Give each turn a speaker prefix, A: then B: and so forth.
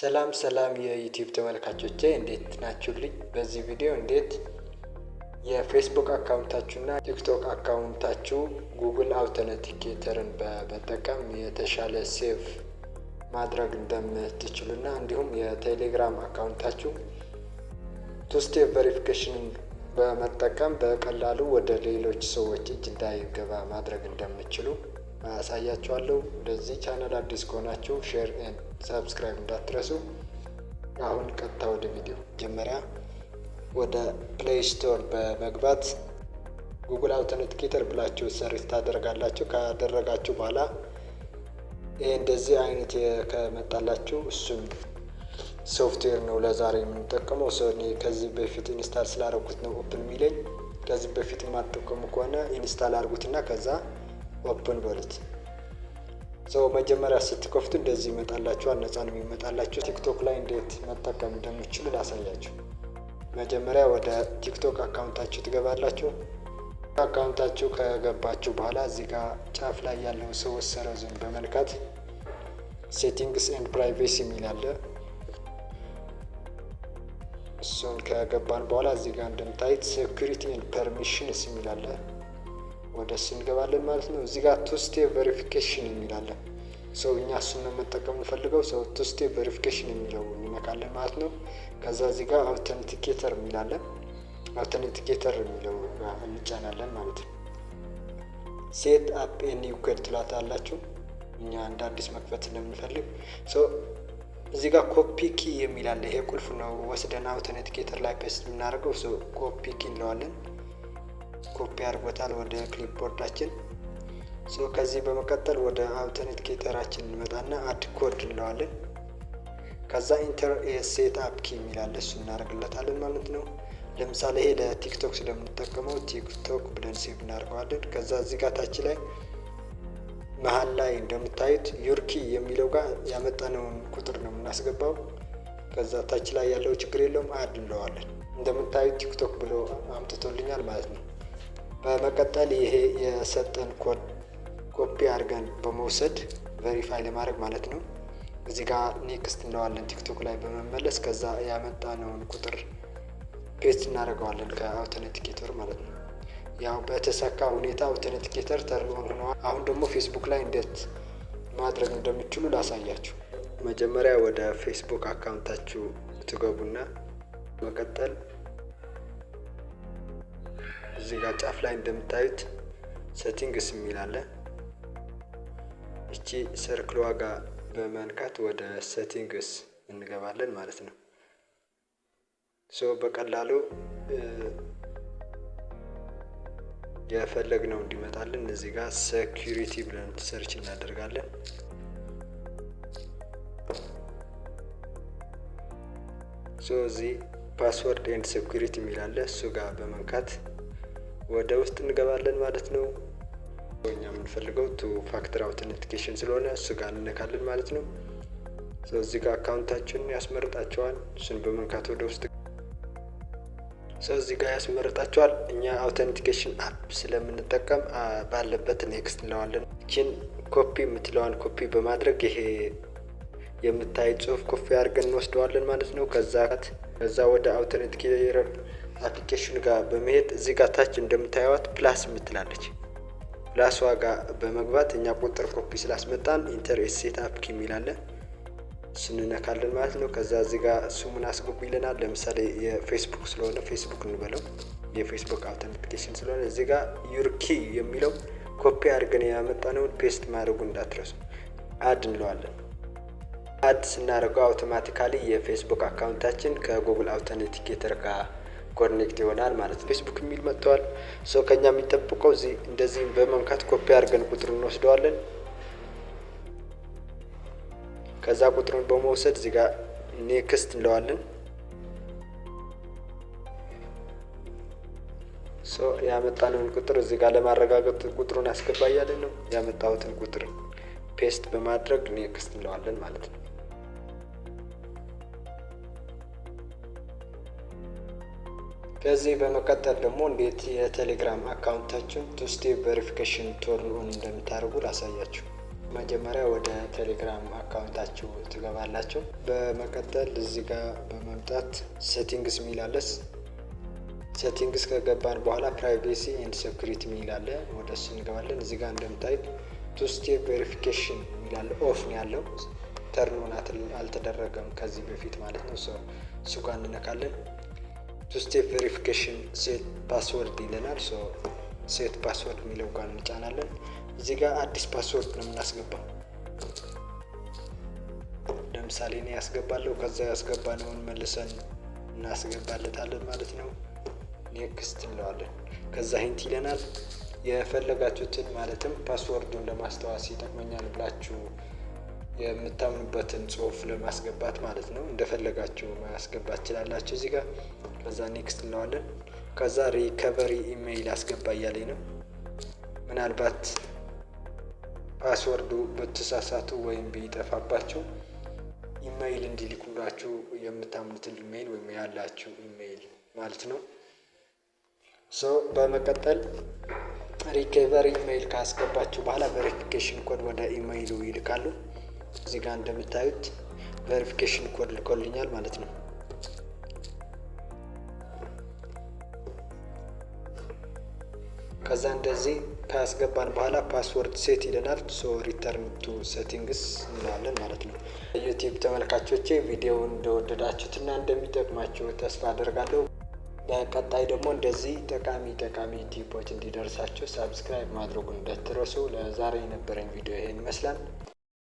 A: ሰላም ሰላም የዩቲዩብ ተመልካቾቼ እንዴት ናችሁልኝ? በዚህ ቪዲዮ እንዴት የፌስቡክ አካውንታችሁና ቲክቶክ አካውንታችሁ ጉግል አውተንቲኬተርን በመጠቀም የተሻለ ሴቭ ማድረግ እንደምትችሉና እንዲሁም የቴሌግራም አካውንታችሁ ቱስቴፕ ቬሪፊኬሽን በመጠቀም በቀላሉ ወደ ሌሎች ሰዎች እጅ እንዳይገባ ማድረግ እንደምችሉ አሳያችኋለሁ። ወደዚህ ቻናል አዲስ ከሆናችሁ ሼር ሰብስክራይብ እንዳትረሱ። አሁን ቀጥታ ወደ ቪዲዮ። መጀመሪያ ወደ ፕሌይ ስቶር በመግባት ጉግል አውተንቲኬተር ብላችሁ ሰርች ታደርጋላችሁ። ካደረጋችሁ በኋላ ይህ እንደዚህ አይነት ከመጣላችሁ እሱም ሶፍትዌር ነው ለዛሬ የምንጠቀመው። ሰው እኔ ከዚህ በፊት ኢንስታል ስላደረጉት ነው ኦፕን የሚለኝ። ከዚህ በፊት የማትጠቀሙ ከሆነ ኢንስታል አድርጉትና ከዛ ኦፕን በሉት። ሰው መጀመሪያ ስትከፍቱ እንደዚህ ይመጣላችኋል። ነፃ ነው የሚመጣላችሁ። ቲክቶክ ላይ እንዴት መጠቀም እንደምችሉ ላሳያችሁ። መጀመሪያ ወደ ቲክቶክ አካውንታችሁ ትገባላችሁ። አካውንታችሁ ከገባችሁ በኋላ እዚህ ጋር ጫፍ ላይ ያለው ሰው ሰዎች ዝም በመልካት ሴቲንግስ ኤንድ ፕራይቬሲ የሚል አለ። እሱን ከገባን በኋላ እዚህ ጋር እንደምታዩት ሴኩሪቲ ኤንድ ፐርሚሽንስ የሚል አለ። ወደ እሱ እንገባለን ማለት ነው። እዚህ ጋር ቱስቴ ቨሪፊኬሽን የሚላለን ሰው እኛ እሱን ነው መጠቀሙ ፈልገው ሰው ቱስቴ ቨሪፊኬሽን የሚለው እንነካለን ማለት ነው። ከዛ እዚህ ጋር አውተንቲኬተር የሚላለን አውተንቲኬተር የሚለው እንጫናለን ማለት ነው። ሴት አፕ ኤን ዩኬድ ትላት አላችሁ እኛ እንደ አዲስ መክፈት ስለምንፈልግ ሰው እዚህ ጋር ኮፒ ኪ የሚላለ ይሄ ቁልፍ ነው። ወስደን አውተንቲኬተር ላይ ፔስት የምናደርገው ሰው ኮፒ ኪ እንለዋለን። ኮፒ አድርጎታል ወደ ክሊፕቦርዳችን። ሶ ከዚህ በመቀጠል ወደ አልተርኔት ኬተራችን እንመጣና አድ ኮድ እንለዋለን። ከዛ ኢንተር ሴት አፕ ኪ የሚላለ እሱ እናደርግለታለን ማለት ነው። ለምሳሌ ይሄ ለቲክቶክ ስለምንጠቀመው ቲክቶክ ብለን ሴቭ እናደርገዋለን። ከዛ እዚህ ጋር ታች ላይ መሀል ላይ እንደምታዩት ዩርኪ የሚለው ጋር ያመጣነውን ቁጥር ነው የምናስገባው። ከዛ ታች ላይ ያለው ችግር የለውም አድ እንለዋለን። እንደምታዩት ቲክቶክ ብሎ አምጥቶልኛል ማለት ነው። በመቀጠል ይሄ የሰጠን ኮድ ኮፒ አድርገን በመውሰድ ቬሪፋይ ለማድረግ ማለት ነው። እዚህ ጋር ኔክስት እንለዋለን። ቲክቶክ ላይ በመመለስ ከዛ ያመጣነውን ቁጥር ፔስት እናደርገዋለን ከአውተንቲኬተር ማለት ነው። ያው በተሳካ ሁኔታ አውተንቲኬተር ተርጎን ሆነዋል። አሁን ደግሞ ፌስቡክ ላይ እንዴት ማድረግ እንደምችሉ ላሳያችሁ። መጀመሪያ ወደ ፌስቡክ አካውንታችሁ ትገቡና መቀጠል እዚህ ጋር ጫፍ ላይ እንደምታዩት ሴቲንግስ የሚል አለ። እቺ ሰርክል ዋጋ በመንካት ወደ ሴቲንግስ እንገባለን ማለት ነው። ሶ በቀላሉ የፈለግነው እንዲመጣልን እዚህ ጋር ሴኩሪቲ ብለን ሰርች እናደርጋለን። ሶ እዚህ ፓስወርድ ኤንድ ሴኩሪቲ የሚላለ እሱ ጋር በመንካት ወደ ውስጥ እንገባለን ማለት ነው። እኛ የምንፈልገው ቱ ፋክተር አውተንቲኬሽን ስለሆነ እሱ ጋር እንነካለን ማለት ነው። ስለዚህ ጋር አካውንታችን ያስመርጣቸዋል። እሱን በመንካት ወደ ውስጥ ስለዚህ ጋር ያስመርጣቸዋል። እኛ አውተንቲኬሽን አፕ ስለምንጠቀም ባለበት ኔክስት እንለዋለን። ይችን ኮፒ የምትለዋን ኮፒ በማድረግ ይሄ የምታይ ጽሁፍ ኮፒ አድርገን እንወስደዋለን ማለት ነው። ከዛ ከዛ ወደ አውተንቲኬ አፕሊኬሽን ጋር በመሄድ እዚህ ጋር ታች እንደምታዩት ፕላስ የምትላለች ፕላስ ዋጋ በመግባት እኛ ቁጥር ኮፒ ስላስመጣን ኢንተርኤስ ሴትአፕ ኪ የሚላለ ስንነካለን ማለት ነው። ከዛ እዚህ ጋር ስሙን አስገቡ ይለናል። ለምሳሌ የፌስቡክ ስለሆነ ፌስቡክ እንበለው የፌስቡክ አውተንቲኬሽን ስለሆነ እዚህ ጋር ዩር ኪ የሚለው ኮፒ አድርገን ያመጣነውን ፔስት ማድረጉ እንዳትረሱ። አድ እንለዋለን። አድ ስናደርገው አውቶማቲካሊ የፌስቡክ አካውንታችን ከጉግል አውተንቲኬተር ጋር ኮኔክት ይሆናል ማለት ነው። ፌስቡክ የሚል መጥተዋል። ሰው ከኛ የሚጠብቀው እዚህ እንደዚህ በመንካት ኮፒ አድርገን ቁጥሩ እንወስደዋለን። ከዛ ቁጥሩን በመውሰድ እዚህ ጋር ኔክስት እንለዋለን። ያመጣነውን ቁጥር እዚህ ጋር ለማረጋገጥ ቁጥሩን አስገባ እያለን ነው። ያመጣሁትን ቁጥር ፔስት በማድረግ ኔክስት እንለዋለን ማለት ነው። ከዚህ በመቀጠል ደግሞ እንዴት የቴሌግራም አካውንታችን ቱ ስቴፕ ቬሪፊኬሽን ቶርን እንደምታደርጉ ላሳያችሁ። መጀመሪያ ወደ ቴሌግራም አካውንታችሁ ትገባላችሁ። በመቀጠል እዚህ ጋር በመምጣት ሴቲንግስ ሚላለስ ሴቲንግስ ከገባን በኋላ ፕራይቬሲ ኤንድ ሴኩሪቲ ሚላለ ወደ እሱ እንገባለን። እዚህ ጋር እንደምታዩት ቱ ስቴፕ ቬሪፊኬሽን ሚላለ ኦፍ ነው ያለው ተርን አልተደረገም ከዚህ በፊት ማለት ነው። እሱ ጋር እንነካለን። ቱ ስቴፕ ቬሪፊኬሽን ሴት ፓስወርድ ይለናል። ሶ ሴት ፓስወርድ የሚለው ጋር እንጫናለን። እዚህ ጋር አዲስ ፓስወርድ ነው የምናስገባው። ለምሳሌ እኔ ያስገባለሁ። ከዛ ያስገባነውን መልሰን እናስገባለታለን ማለት ነው። ኔክስት እንለዋለን። ከዛ ሂንት ይለናል። የፈለጋችሁትን ማለትም ፓስወርዱን ለማስታወስ ይጠቅመኛል ብላችሁ የምታምኑበትን ጽሁፍ ለማስገባት ማለት ነው። እንደፈለጋችሁ ማስገባት ትችላላችሁ እዚህ ጋር ከዛ ኔክስት እንለዋለን። ከዛ ሪከቨሪ ኢሜይል አስገባ እያለኝ ነው። ምናልባት ፓስወርዱ ብትሳሳቱ ወይም ቢጠፋባችሁ ኢሜይል እንዲልኩላችሁ የምታምኑትን ኢሜይል ወይም ያላችሁ ኢሜይል ማለት ነው። ሶ በመቀጠል ሪከቨሪ ኢሜይል ካስገባችሁ በኋላ ቬሪፊኬሽን ኮድ ወደ ኢሜይሉ ይልካሉ። እዚህ ጋር እንደምታዩት ቬሪፊኬሽን ኮድ ልኮልኛል ማለት ነው። ከዛ እንደዚህ ካስገባን በኋላ ፓስወርድ ሴት ይለናል። ሶ ሪተርን ቱ ሴቲንግስ እንላለን ማለት ነው። ዩቲዩብ ተመልካቾቼ ቪዲዮ እንደወደዳችሁትና እንደሚጠቅማችሁ ተስፋ አደርጋለሁ። በቀጣይ ደግሞ እንደዚህ ጠቃሚ ጠቃሚ ቲፖች እንዲደርሳችሁ ሳብስክራይብ ማድረጉ እንዳትረሱ። ለዛሬ የነበረኝ ቪዲዮ ይሄን ይመስላል።